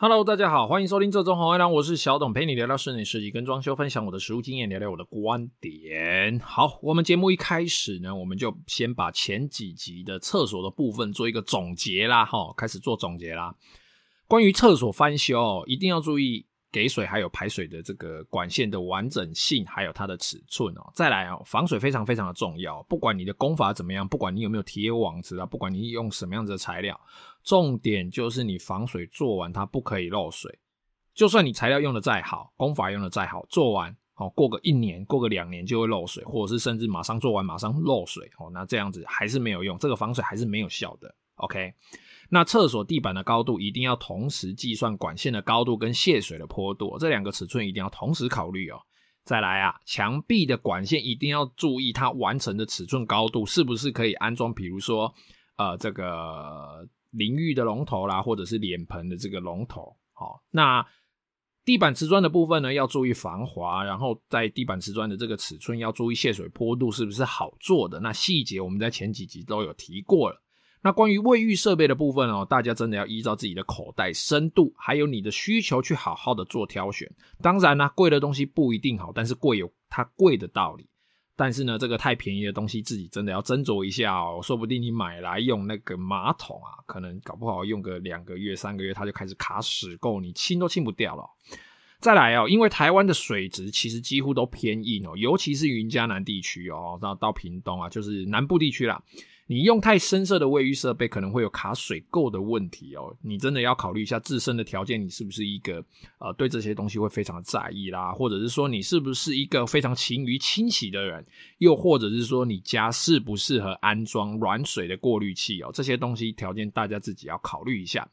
Hello，大家好，歡迎收聽這中紅月亮，我是小董，陪你聊聊室內設計跟裝修，分享我的實務經驗，聊聊我的觀點。好，我們節目一開始呢，我們就先把前幾集的廁所的部分做一個總結啦，吼，開始做總結啦。關於廁所翻修，一定要注意給水還有排水的這個管線的完整性，還有它的尺寸哦。再來哦，防水非常非常的重要，不管你的工法怎麼樣，不管你有沒有貼網子啊，不管你用什麼樣子的材料。重點就是你防水做完，它不可以漏水。就算你材料用的再好，工法用的再好，做完哦，過個一年，過個兩年就會漏水，或者是甚至馬上做完馬上漏水哦，那這樣子還是沒有用，這個防水還是沒有效的。OK，那廁所地板的高度一定要同時計算管線的高度跟洩水的坡度喔，這兩個尺寸一定要同時考慮哦。再來啊，牆壁的管線一定要注意它完成的尺寸高度是不是可以安裝，比如說呃這個。淋浴的龍頭啦，或者是臉盆的這個龍頭，好，哦，那地板瓷磚的部分呢，要注意防滑，然後在地板瓷磚的這個尺寸要注意洩水坡度是不是好做的，那細節我們在前幾集都有提過了。那關於衛浴設備的部分哦，大家真的要依照自己的口袋深度，還有你的需求去好好的做挑選。當然呢，啊，貴的東西不一定好，但是貴有它貴的道理。但是呢，這個太便宜的東西自己真的要斟酌一下哦，說不定你買來用那個馬桶啊，可能搞不好用個兩個月、三個月，它就開始卡屎垢，你清都清不掉了哦。再來哦，因為台灣的水質其實幾乎都偏硬哦，尤其是雲嘉南地區哦，到到屏東啊，就是南部地區啦。你用太深色的衛浴設備可能會有卡水垢的問題哦。你真的要考慮一下自身的條件，你是不是一個呃對這些東西會非常的在意啦？或者是說你是不是一個非常勤於清洗的人？又或者是說你家適不適合安裝軟水的過濾器哦。這些東西條件大家自己要考慮一下。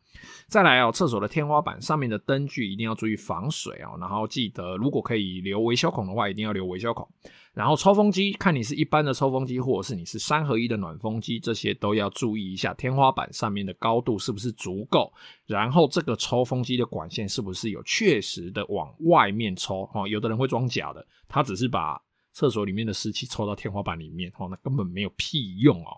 再來哦，廁所的天花板上面的燈具一定要注意防水哦。然後記得，如果可以留維修孔的話，一定要留維修孔。然後抽風機看你是一般的抽風機，或者是你是三合一的暖風機，這些都要注意一下天花板上面的高度是不是足夠。然後這個抽風機的管線是不是有確實的往外面抽，哦，有的人會裝假的，他只是把廁所裡面的濕氣抽到天花板裡面哦，那根本沒有屁用哦。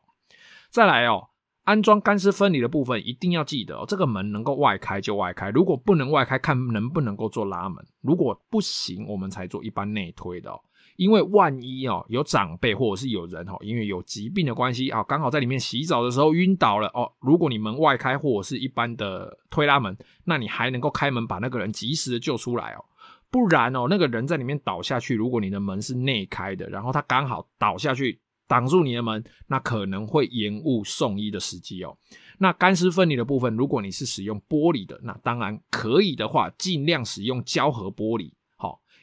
再來哦，安裝乾濕分離的部分一定要記得哦，這個門能夠外開就外開，如果不能外開，看能不能夠做拉門，如果不行，我們才做一般內推的哦。因為萬一哦，有長輩或者是有人哦，因為有疾病的關係啊，哦，剛好在裡面洗澡的時候暈倒了哦。如果你門外開或者是一般的推拉門，那你還能夠開門把那個人及時的救出來哦。不然哦，那個人在裡面倒下去，如果你的門是內開的，然後他剛好倒下去擋住你的門，那可能會延誤送醫的時機哦。那乾濕分離的部分，如果你是使用玻璃的，那當然可以的話，盡量使用膠合玻璃。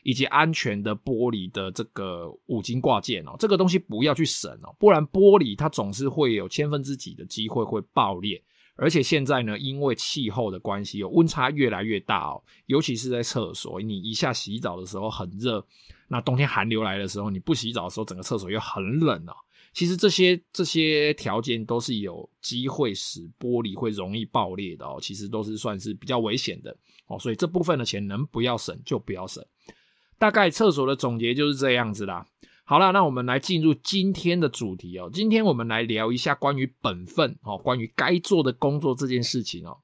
以及安全的玻璃的這個五金掛件哦，這個東西不要去省哦，不然玻璃它總是會有千分之幾的機會會爆裂。而且現在呢，因為氣候的關係哦，溫差越來越大哦，尤其是在廁所，你一下洗澡的時候很熱，那冬天寒流來的時候，你不洗澡的時候，整個廁所又很冷哦。其實這些這些條件都是有機會使玻璃會容易爆裂的哦，其實都是算是比較危險的哦，所以這部分的錢能不要省就不要省。大概廁所的總結就是這樣子啦。好啦，那我們來進入今天的主題哦、喔。今天我們來聊一下關於本分哦，關於該做的工作這件事情哦、喔。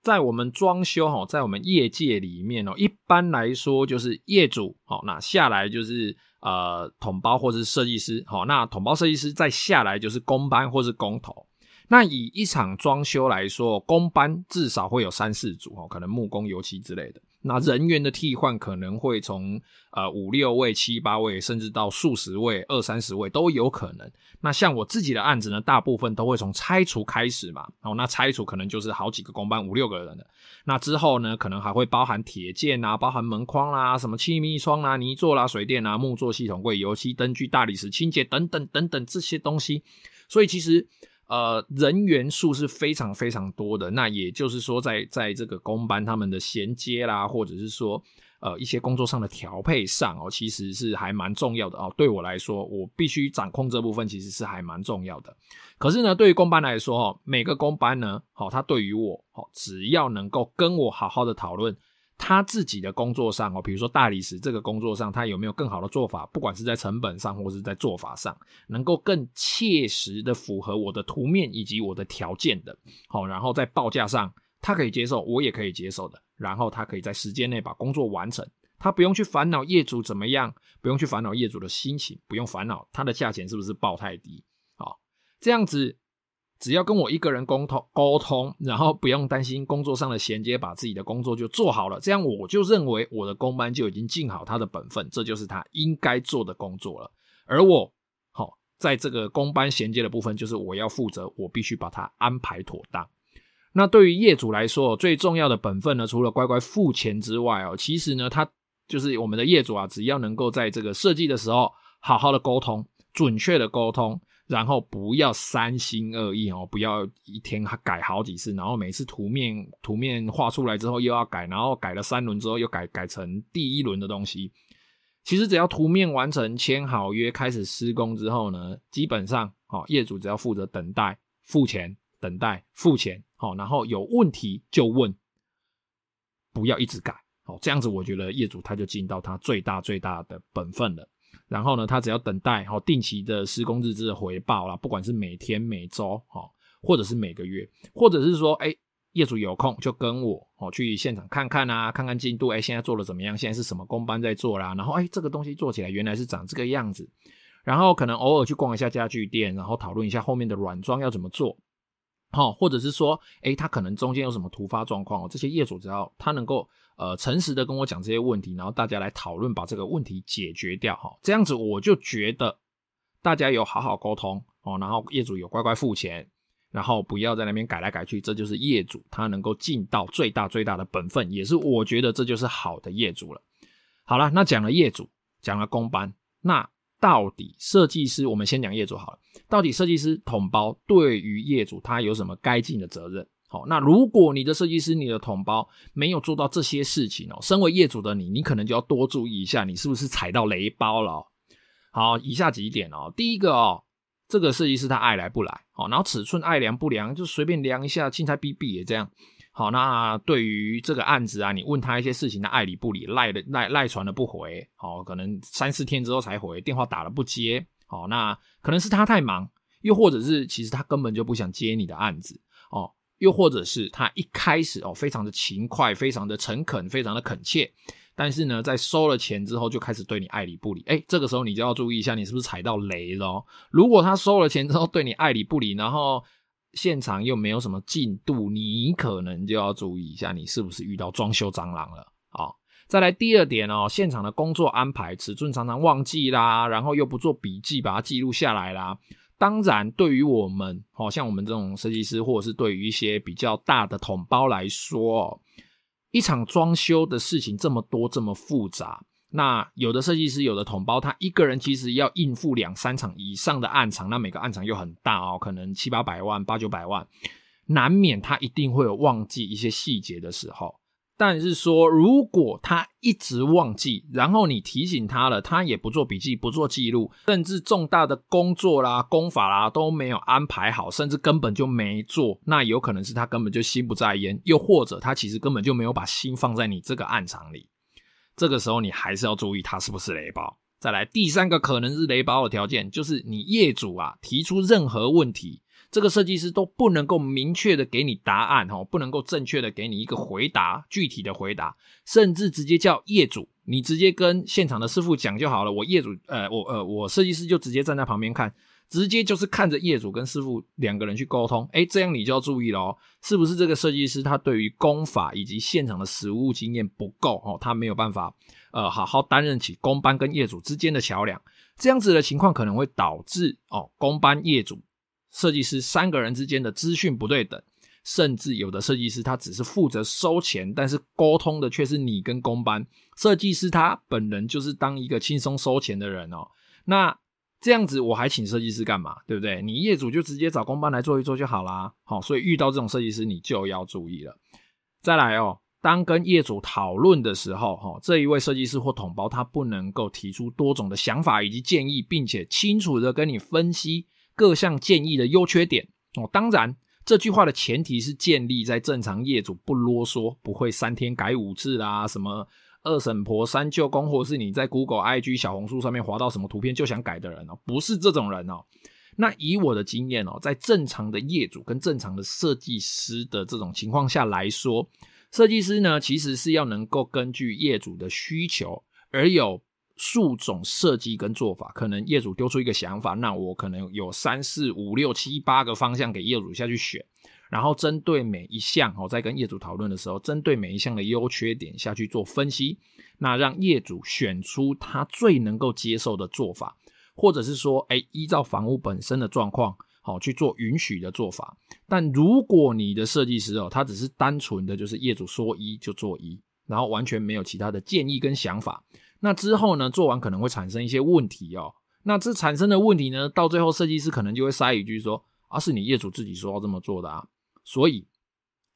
在我們裝修哈，在我們業界裡面哦，一般來說就是業主哦，那下來就是呃統包或是設計師哦，那統包設計師再下來就是工班或是工頭。那以一場裝修來說，工班至少會有三四組哦，可能木工、油漆之類的。那人員的替換可能會從呃五六位、七八位，甚至到數十位、二三十位都有可能。那像我自己的案子呢，大部分都會從拆除開始嘛，然、哦、那拆除可能就是好幾個工班，五六個人了。那之後呢，可能還會包含鐵件啊、包含門框啦、啊、什麼氣密窗啦、啊、泥作、啊、啦、水電啦、啊、木作、系統櫃、油漆、燈具、大理石清潔等等等等這些東西。所以其實。呃，人員數是非常非常多的，那也就是說，在，在在這個工班他們的銜接啦，或者是說，呃，一些工作上的調配上哦、喔，其實是還蠻重要的哦、喔。對我來說，我必須掌控這部分，其實是還蠻重要的。可是呢，對於工班來說哦、喔，每個工班呢，哦、喔，他對於我，哦、喔，只要能夠跟我好好的討論。他自己的工作上哦，比如說大理石這個工作上，他有沒有更好的做法？不管是在成本上，或是在做法上，能夠更切實的符合我的圖面以及我的條件的，好，然後在報價上他可以接受，我也可以接受的，然後他可以在時間內把工作完成，他不用去煩惱業主怎麼樣，不用去煩惱業主的心情，不用煩惱他的價錢是不是報太低，好，這樣子。只要跟我一個人溝通，溝通，然後不用擔心工作上的銜接，把自己的工作就做好了，這樣我就認為我的工班就已經盡好他的本分，這就是他應該做的工作了。而我，好，在這個工班銜接的部分，就是我要負責，我必須把它安排妥當。那對於業主來說，最重要的本分呢，除了乖乖付錢之外哦，其實呢，他就是我們的業主啊，只要能夠在這個設計的時候好好的溝通，準確的溝通。然後不要三心二意哦，不要一天改好幾次，然後每次圖面圖面畫出來之後又要改，然後改了三輪之後又改改成第一輪的東西。其實只要圖面完成、簽好約、開始施工之後呢，基本上哦，業主只要負責等待、付錢、等待、付錢，好，然後有問題就問，不要一直改哦，這樣子我覺得業主他就盡到他最大最大的本分了。然後呢，他只要等待哈、哦、定期的施工日誌的回報啦，不管是每天、每周哈、哦，或者是每個月，或者是說哎業主有空就跟我哦去現場看看啊，看看進度，哎現在做得怎麼樣，現在是什麼工班在做啦，然後哎這個東西做起來原來是長這個樣子，然後可能偶爾去逛一下家具店，然後討論一下後面的軟裝要怎麼做。好，或者是說，哎、欸，他可能中間有什麼突發狀況哦，這些業主只要他能夠，呃，誠實的跟我講這些問題，然後大家來討論，把這個問題解決掉，哈，這樣子我就覺得大家有好好溝通哦，然後業主有乖乖付錢，然後不要在那邊改來改去，這就是業主他能夠盡到最大最大的本分，也是我覺得這就是好的業主了。好啦，那講了業主，講了工班，那。到底設計師，我們先講業主好了。到底設計師統包對於業主他有什麼該盡的責任？好，那如果你的設計師、你的統包沒有做到這些事情哦，身為業主的你，你可能就要多注意一下，你是不是踩到雷包了？好，以下幾點哦，第一個哦，這個設計師他愛來不來，好，然後尺寸愛量不量，就隨便量一下，青菜 B B 也這樣。好，那對於這個案子啊，你問他一些事情，他愛理不理，賴的賴賴傳了不回，好、哦，可能三四天之後才回，電話打了不接，好、哦，那可能是他太忙，又或者是其實他根本就不想接你的案子，哦，又或者是他一開始哦非常的勤快，非常的誠懇，非常的懇切，但是呢，在收了錢之後就開始對你愛理不理，哎、欸，這個時候你就要注意一下，你是不是踩到雷了、哦？如果他收了錢之後對你愛理不理，然後，現場又沒有什麼進度，你可能就要注意一下，你是不是遇到裝修蟑螂了啊、哦？再來第二點哦，現場的工作安排尺寸常常忘記啦，然後又不做筆記，把它記錄下來啦。當然，對於我們，好、哦、像我們這種設計師，或者是對於一些比較大的統包來說，一場裝修的事情這麼多這麼複雜。那有的設計師，有的統包，他一個人其實要應付兩三場以上的案場，那每個案場又很大哦，可能七八百萬、八九百萬，難免他一定會有忘記一些細節的時候。但是說，如果他一直忘記，然後你提醒他了，他也不做筆記、不做記錄，甚至重大的工作啦、工法啦都沒有安排好，甚至根本就沒做，那有可能是他根本就心不在焉，又或者他其實根本就沒有把心放在你這個案場裡。這個時候你還是要注意，它是不是雷包。再來，第三個可能是雷包的條件，就是你業主啊提出任何問題，這個設計師都不能夠明確的給你答案哦，不能夠正確的給你一個回答，具體的回答，甚至直接叫業主，你直接跟現場的師傅講就好了。我業主，呃，我呃，我設計師就直接站在旁邊看。直接就是看着業主跟師傅兩個人去溝通，誒，這樣你就要注意了哦，是不是這個設計師他對於工法以及現場的實務經驗不夠哦，他沒有辦法呃好好擔任起工班跟業主之間的橋樑，這樣子的情況可能會導致哦工班、業主、設計師三個人之間的資訊不對等，甚至有的設計師他只是負責收錢，但是溝通的卻是你跟工班，設計師他本人就是當一個輕鬆收錢的人哦，那。這樣子我還請設計師幹嘛？對不對？你業主就直接找工班來做一做就好啦。好、哦，所以遇到這種設計師，你就要注意了。再來哦，當跟業主討論的時候，哈、哦，這一位設計師或統包他不能夠提出多種的想法以及建議，並且清楚的跟你分析各項建議的優缺點哦。當然，這句話的前提是建立在正常業主不囉嗦，不會三天改五次啦，什麼。二嬸婆三舅公，或是你在 Google、IG、小紅書上面滑到什麼圖片就想改的人哦、喔，不是這種人哦、喔。那以我的經驗哦、喔，在正常的業主跟正常的設計師的這種情況下來說，設計師呢其實是要能夠根據業主的需求而有數種設計跟做法。可能業主丟出一個想法，那我可能有三四五六七八個方向給業主下去選。然後針對每一項哦，在跟業主討論的時候，針對每一項的優缺點下去做分析，那讓業主選出他最能夠接受的做法，或者是說，哎，依照房屋本身的狀況，好去做允許的做法。但如果你的設計師哦，他只是單純的就是業主說一就做一，然後完全沒有其他的建議跟想法，那之後呢，做完可能會產生一些問題哦。那這產生的問題呢，到最後設計師可能就會塞一句說，啊，是你業主自己說要這麼做的啊。所以，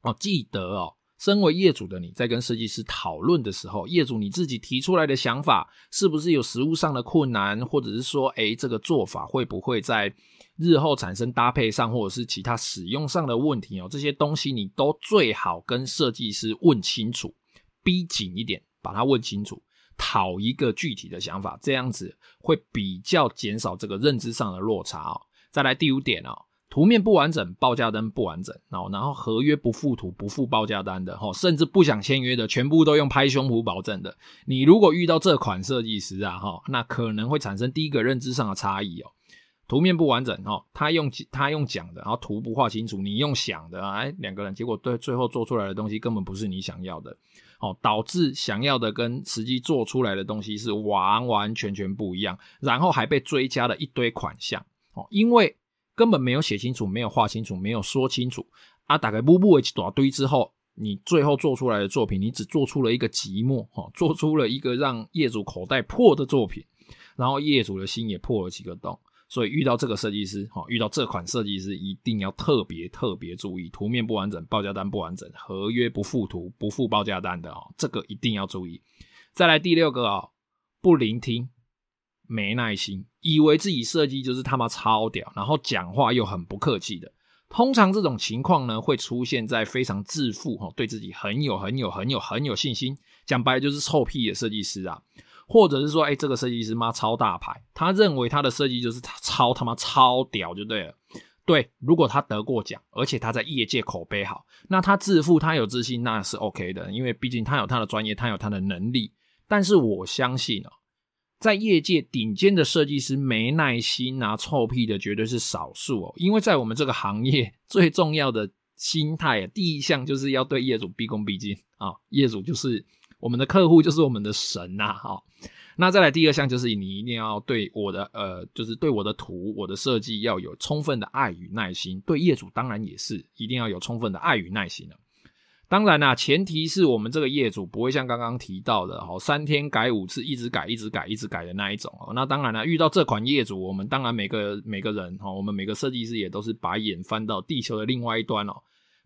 哦，記得哦，身為業主的你在跟設計師討論的時候，業主你自己提出來的想法，是不是有實物上的困難，或者是說，誒，這個做法會不會在日後產生搭配上，或者是其他使用上的問題哦？這些東西你都最好跟設計師問清楚，逼緊一點，把它問清楚，討一個具體的想法，這樣子會比較減少這個認知上的落差哦。再來第五點哦。圖面不完整，報價單不完整，然後然後合約不附圖不附報價單的，哈，甚至不想簽約的，全部都用拍胸脯保證的。你如果遇到這款設計師啊，哈，那可能會產生第一個認知上的差異哦。圖面不完整，他用他用講的，然後圖不畫清楚，你用想的，哎，兩個人結果對最後做出來的東西根本不是你想要的，哦，導致想要的跟實際做出來的東西是完完全全不一樣，然後還被追加了一堆款項，哦，因為。根本沒有寫清楚，沒有畫清楚，沒有說清楚啊！大概布布一大堆之後，你最後做出來的作品，你只做出了一個寂寞，哈、哦，做出了一個讓業主口袋破的作品，然後業主的心也破了幾個洞。所以遇到這個設計師，哈、哦，遇到這款設計師，一定要特別特別注意：圖面不完整，報價單不完整，合約不附圖，不附報價單的，哈、哦，這個一定要注意。再來第六個啊、哦，不聆聽。沒耐心，以為自己設計就是他媽超屌，然後講話又很不客氣的。通常這種情況呢，會出現在非常自負哈、哦，對自己很有很有很有很有信心，講白就是臭屁的設計師啊，或者是說，誒、欸、這個設計師媽超大牌，他認為他的設計就是超他媽超屌就對了。對，如果他得過獎，而且他在業界口碑好，那他自負他有自信那是 OK 的，因為畢竟他有他的專業，他有他的能力。但是我相信、哦在業界頂尖的設計師沒耐心拿、啊、臭屁的絕對是少數哦，因為在我們這個行業最重要的心態啊，第一項就是要對業主畢恭畢敬啊，業主就是我們的客戶，就是我們的神吶、啊，好、哦，那再來第二項就是你一定要對我的呃，就是對我的圖、我的設計要有充分的愛與耐心，對業主當然也是一定要有充分的愛與耐心了、哦。當然啦、啊，前提是我們這個業主不會像剛剛提到的哦，三天改五次，一直改，一直改，一直改的那一種哦。那當然了、啊，遇到這款業主，我們當然每個每個人哈，我們每個設計師也都是把眼翻到地球的另外一端哦。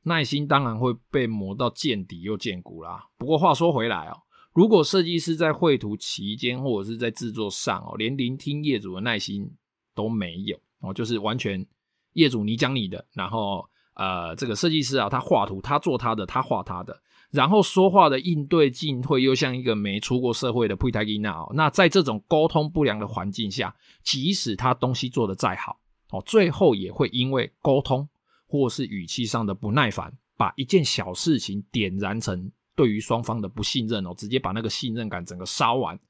耐心當然會被磨到見底又見骨啦。不過話說回來哦，如果設計師在繪圖期間或者是在制作上哦，連聆聽業主的耐心都沒有哦，就是完全業主你講你的，然後。呃，這個設計師啊，他畫圖，他做他的，他畫他的，然後說話的應對進退又像一個沒出過社會的 p i t a g i n 哦，那在這種溝通不良的環境下，即使他東西做得再好哦，最後也會因為溝通或是語氣上的不耐煩，把一件小事情點燃成對於雙方的不信任哦，直接把那個信任感整個燒完。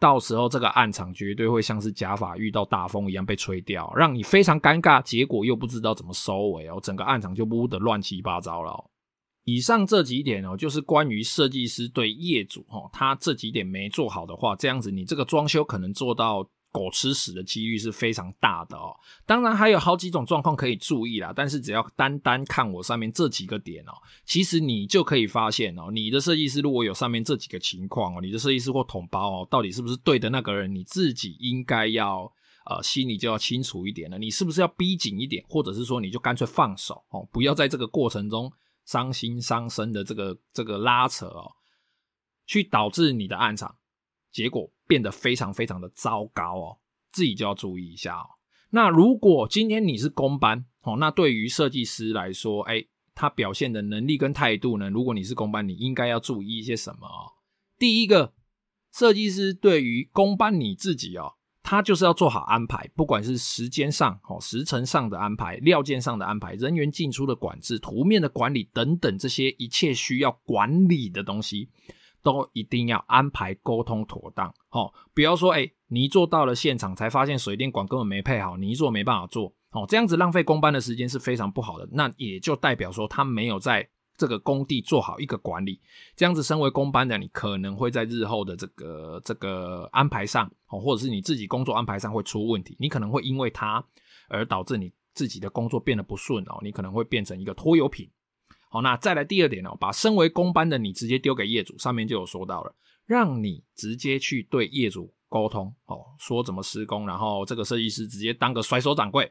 到時候這個暗場絕對會像是假髮遇到大風一樣被吹掉，讓你非常尷尬。結果又不知道怎麼收尾哦，整個暗場就汙得亂七八糟了。以上這幾點哦，就是關於設計師對業主哈，他這幾點沒做好的話，這樣子你這個裝修可能做到。我吃屎的幾率是非常大的哦，當然還有好幾種狀況可以注意啦。但是只要單單看我上面這幾個點哦，其實你就可以發現哦，你的設計師如果有上面這幾個情況哦，你的設計師或統包哦，到底是不是對的那個人，你自己應該要呃心裡就要清楚一點了。你是不是要逼緊一點，或者是說你就乾脆放手哦，不要在這個過程中傷心傷身的這個這個拉扯哦，去導致你的暗場。結果變得非常非常的糟糕哦，自己就要注意一下哦。那如果今天你是工班哦，那對於設計師來說，誒、哎、他表現的能力跟態度呢？如果你是工班，你應該要注意一些什麼哦？第一個，設計師對於工班你自己哦，他就是要做好安排，不管是時間上、哦時程上的安排、料件上的安排、人員進出的管制、圖面的管理等等這些一切需要管理的東西。都一定要安排溝通妥當，哦，比方說，哎，你一做到了現場才發現水電管根本沒配好，你一做沒辦法做，哦，這樣子浪費工班的時間是非常不好的。那也就代表說他沒有在這個工地做好一個管理，這樣子，身為工班的你可能會在日後的這個這個安排上，哦，或者是你自己工作安排上會出問題，你可能會因為他而導致你自己的工作變得不順哦，你可能會變成一個拖油瓶。好，那再來第二點呢、哦？把身為工班的你直接丟給業主，上面就有說到了，讓你直接去對業主溝通哦，說怎麼施工，然後這個設計師直接當個甩手掌櫃，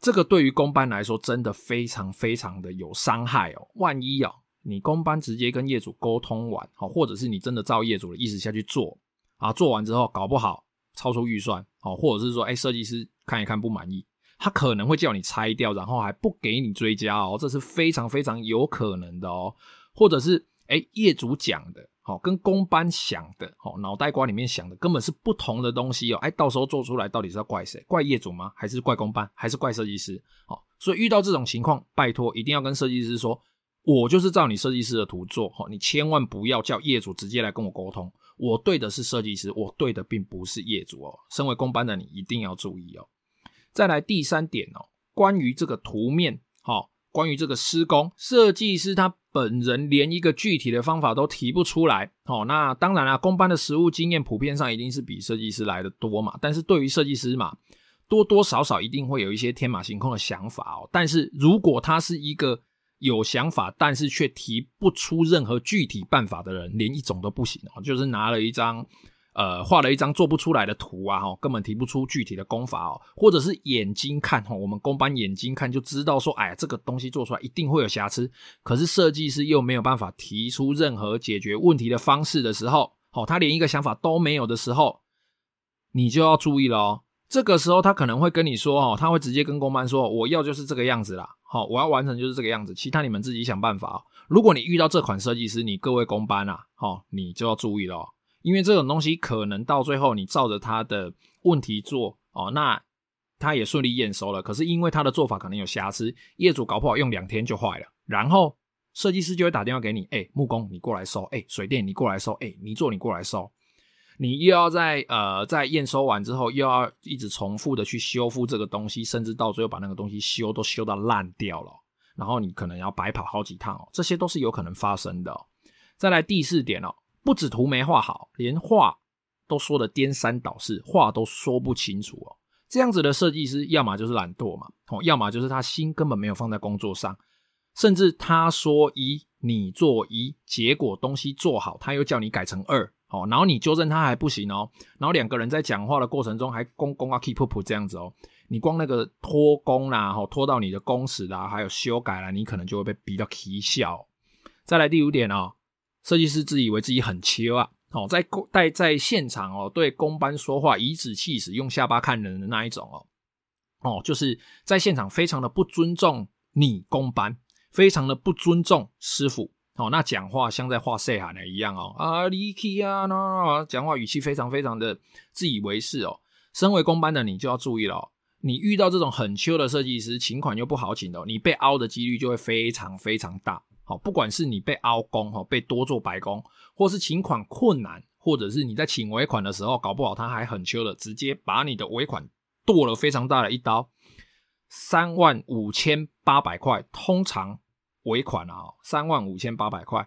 這個對於工班來說真的非常非常的有傷害哦。萬一哦，你工班直接跟業主溝通完，好、哦，或者是你真的照業主的意思下去做啊，做完之後搞不好超出預算，好、哦，或者是說，哎、欸，設計師看一看不滿意。他可能會叫你拆掉，然後還不給你追加哦，這是非常非常有可能的哦。或者是，誒、欸，業主講的，哦，跟工班想的，哦，腦袋瓜裡面想的根本是不同的東西哦。誒、哎，到時候做出來到底是要怪誰？怪業主嗎？還是怪工班？還是怪設計師？哦，所以遇到這種情況，拜託一定要跟設計師說，我就是照你設計師的圖做，哦，你千萬不要叫業主直接來跟我溝通，我對的是設計師，我對的並不是業主哦。身為工班的你一定要注意哦。再來第三點哦，關於這個圖面，哦，關於這個施工設計師他本人連一個具體的方法都提不出來哦。那當然啦、啊，工班的實務經驗普遍上一定是比設計師來得多嘛。但是對於設計師嘛，多多少少一定會有一些天馬行空的想法哦。但是如果他是一個有想法，但是卻提不出任何具體辦法的人，連一種都不行哦，就是拿了一張。呃，畫了一張做不出來的圖啊，哈、哦，根本提不出具體的工法哦，或者是眼睛看哈、哦，我們工班眼睛看就知道說，哎呀，這個東西做出來一定會有瑕疵。可是設計師又沒有辦法提出任何解決問題的方式的時候，哦，他連一個想法都沒有的時候，你就要注意了哦。這個時候他可能會跟你說，哦，他會直接跟工班說，我要就是這個樣子啦，好、哦，我要完成就是這個樣子，其他你們自己想辦法。哦、如果你遇到這款設計師，你各位工班啊，好、哦，你就要注意了、哦。因為這種東西可能到最後你照着他的問題做哦，那他也順利驗收了。可是因為他的做法可能有瑕疵，業主搞不好用兩天就壞了。然後設計師就會打電話給你，哎，木工你過來收，哎，水電你過來收，哎，泥作你過來收。你又要在呃在驗收完之後又要一直重複的去修復這個東西，甚至到最後把那個東西修都修到爛掉了哦。然後你可能要白跑好幾趟哦，這些都是有可能發生的哦。再來第四點哦。不止圖沒畫好，連話都說得顛三倒四，話都說不清楚哦。這樣子的設計師，要麼就是懶惰嘛，哦，要麼就是他心根本沒有放在工作上。甚至他說一，你做一，結果東西做好，他又叫你改成二，哦，然後你糾正他還不行哦，然後兩個人在講話的過程中還公公啊 keep up 這樣子哦，你光那個拖工啦，哦，拖到你的工時啦，還有修改啦，你可能就會被逼到哭笑，哦。再來第五點哦。設計師自以為自己很秋啊，哦，在公在在現場哦，對工班說話頤指氣使，用下巴看人的那一種哦，哦，就是在現場非常的不尊重你工班，非常的不尊重師傅哦，那講話像在畫色海的一樣哦，啊，厲害啊，那講話語氣非常非常的自以為是哦，身為工班的你就要注意了哦，你遇到這種很秋的設計師，請款又不好請的，你被凹的幾率就會非常非常大。好，不管是你被凹工哈，被多做白工，或是請款困難，或者是你在請尾款的時候，搞不好他還很秋的，直接把你的尾款剁了非常大的一刀，三萬五千八百塊。通常尾款啊，三萬五千八百塊，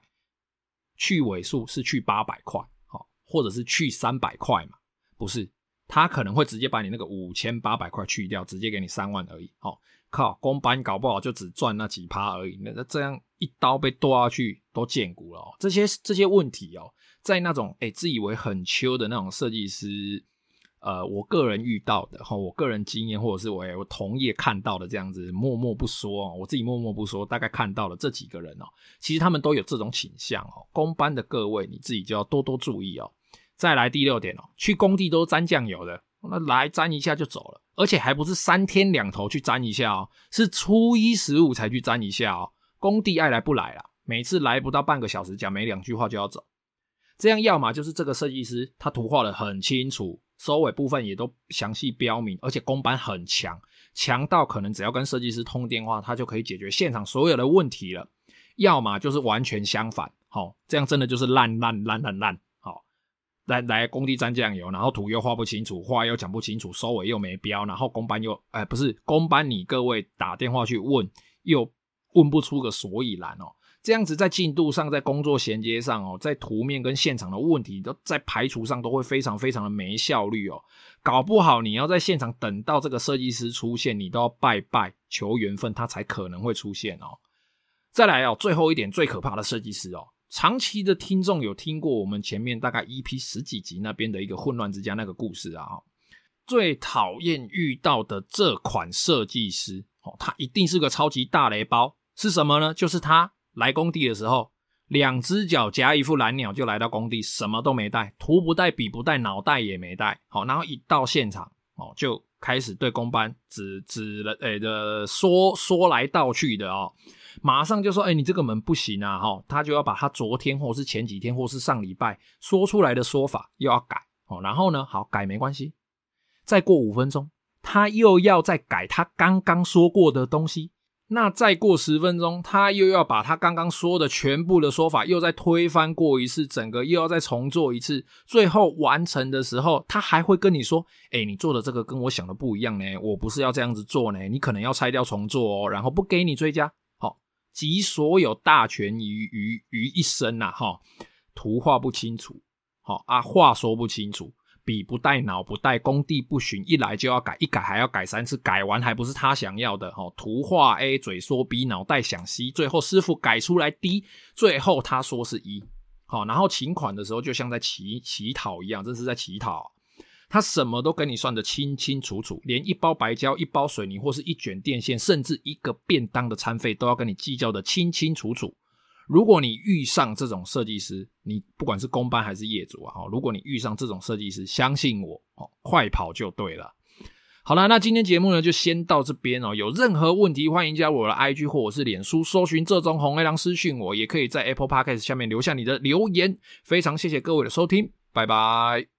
去尾數是去八百塊，好，或者是去三百塊嘛？不是，他可能會直接把你那個五千八百塊去掉，直接給你三萬而已。好，靠，工班搞不好就只賺那幾趴而已，那那這樣。一刀被剁下去都見骨了，哦，這些這些問題哦，在那種誒、欸，自以為很秋的那種設計師，呃，我個人遇到的哈，哦，我個人經驗或者是我我同業看到的這樣子，默默不說，我自己默默不說，大概看到了這幾個人哦，其實他們都有這種傾向哦，工班的各位你自己就要多多注意哦。再來第六點哦，去工地都沾醬油的，那來沾一下就走了，而且還不是三天兩頭去沾一下哦，是初一十五才去沾一下哦。工地愛來不來啦，每次來不到半個小時，講沒兩句話就要走。這樣要麼就是這個設計師他圖畫得很清楚，收尾部分也都詳細標明，而且工班很強，強到可能只要跟設計師通電話，他就可以解決現場所有的問題了。要麼就是完全相反，好，這樣真的就是爛爛爛爛爛，好，來來工地沾醬油，然後圖又畫不清楚，話又講不清楚，收尾又沒標，然後工班又，哎、欸，不是工班你各位打電話去問又。問不出個所以然哦，這樣子在進度上，在工作銜接上哦，在圖面跟現場的問題都在排除上都會非常非常的沒效率哦，搞不好你要在現場等到這個設計師出現，你都要拜拜求緣分他才可能會出現哦。再來哦，最後一點最可怕的設計師哦，長期的聽眾有聽過我們前面大概 EP 十幾集那邊的一個混亂之家那個故事啊、哦，最討厭遇到的這款設計師哦，他一定是個超級大雷包。是什麼呢？就是他來工地的時候，兩隻腳夾一副藍鳥就來到工地，什麼都沒帶，圖不帶，筆不帶，腦袋也沒帶。好、哦，然後一到現場，哦，就開始對工班指指了，哎的說說來道去的哦，馬上就說，哎，你這個門不行啊，哈、哦，他就要把他昨天或是前幾天或是上禮拜說出來的說法又要改哦。然後呢，好改沒關係，再過五分鐘，他又要再改他剛剛說過的東西。那再過十分鐘，他又要把他剛剛說的全部的說法又再推翻過一次，整個又要再重做一次。最後完成的時候，他還會跟你說：“哎、欸，你做的這個跟我想的不一樣呢，我不是要這樣子做呢，你可能要拆掉重做哦，然後不給你追加。”好，集所有大權於於於一身吶，哈，圖畫不清楚，好啊，話說不清楚。筆不帶腦，不帶工地，不循，一來就要改，一改還要改三次，改完還不是他想要的。好，圖畫 A 嘴說 B，腦袋想 C，最後師傅改出來 D，最後他說是 E。好，然後請款的時候就像在乞乞討一樣，這是在乞討。他什麼都跟你算得清清楚楚，連一包白膠、一包水泥或是一卷電線，甚至一個便當的餐費，都要跟你計較得清清楚楚。如果你遇上這種設計師，你不管是工班還是業主啊，如果你遇上這種設計師，相信我，快跑就對了。好了，那今天節目呢就先到這邊哦、喔。有任何問題，歡迎加入我的 IG 或者是臉書，搜尋“這種紅黑狼”私訊我，也可以在 Apple Podcast 下面留下你的留言。非常謝謝各位的收聽，拜拜。